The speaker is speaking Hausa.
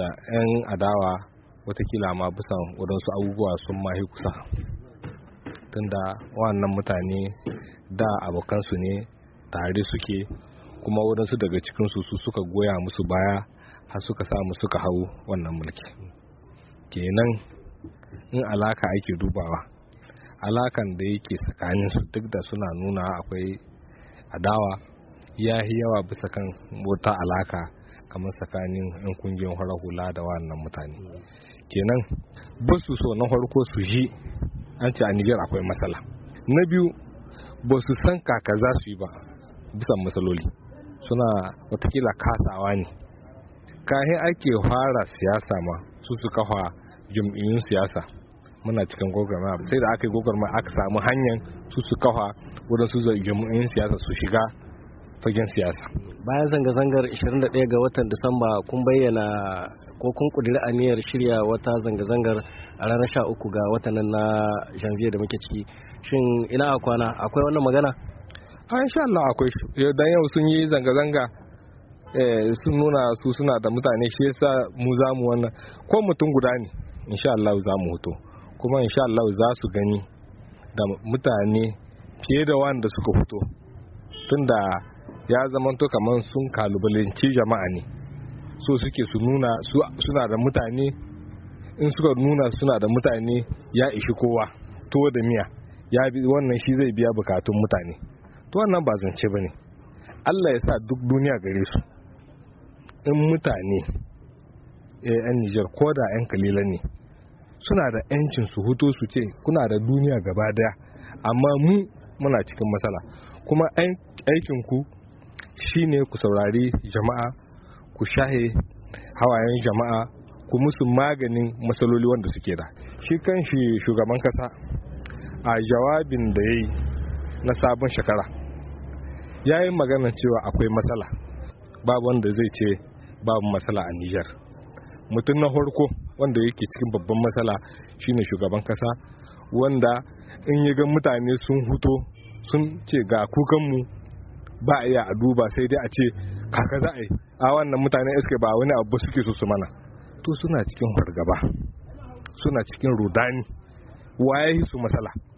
da 'yan adawa watakila ma bisan waɗansu abubuwa sun mahi kusa tunda wannan mutane da abokansu ne tare suke kuma waɗansu daga cikinsu su suka goya musu baya har suka samu suka hau wannan mulki kenan in alaka ake dubawa alakan da yake tsakaninsu duk da suna nuna akwai adawa ya yi yawa bisa kan wata alaka kamar tsakanin yan kungiyar farar hula da wannan mutane kenan ba su so na farko su ji an ce a Nijar akwai matsala na biyu ba su san kaka za su yi ba bisan matsaloli suna watakila kasawa ne kahin ake fara siyasa ma su su kafa jam'iyyun siyasa muna cikin gwagwarmaya sai da aka yi gwagwarmaya aka samu hanyar su su kafa zai jam'iyyun siyasa su shiga fagen siyasa bayan zanga-zangar 21 ga watan disamba kun bayyana ko kun kudiri aniyar shirya wata zanga-zangar a ranar 13 ga watan nan na janvier da muke ciki shin ina a kwana akwai wannan magana a insha Allah akwai shi eh, dan yau sun yi zanga-zanga eh, sun nuna su suna da mutane shi yasa mu za mu wannan ko mutum guda ne insha Allah za mu hoto kuma insha Allah za su gani da mutane fiye da wanda suka fito tunda ya zamanto kamar sun kalubalanci jama'a ne so suke su nuna suna da mutane in suka nuna suna da mutane ya ishi kowa to da miya ya bi wannan shi zai biya bukatun mutane to wannan ba zance ba ne allah ya sa duk duniya gare su in mutane yan eh, nijar ko da yan kalilan ne suna da yancin su huto su ce kuna da duniya gaba daya amma mu muna cikin matsala kuma aikinku shine ku saurari jama'a ku shahe hawayen jama'a ku musu maganin matsaloli wanda suke da shi kanshi shugaban kasa a jawabin da ya yi na sabon shekara ya yi magana cewa akwai matsala babu wanda zai ce babu matsala a nijar mutum na horko wanda yake cikin babban matsala shine shugaban kasa wanda in yi ga mutane sun huto sun ce ga kukanmu ba a iya a duba sai dai a ce kaka za a yi a wannan mutanen iske ba wani abu suke so su mana to suna cikin hargaba suna cikin rudani waye su matsala.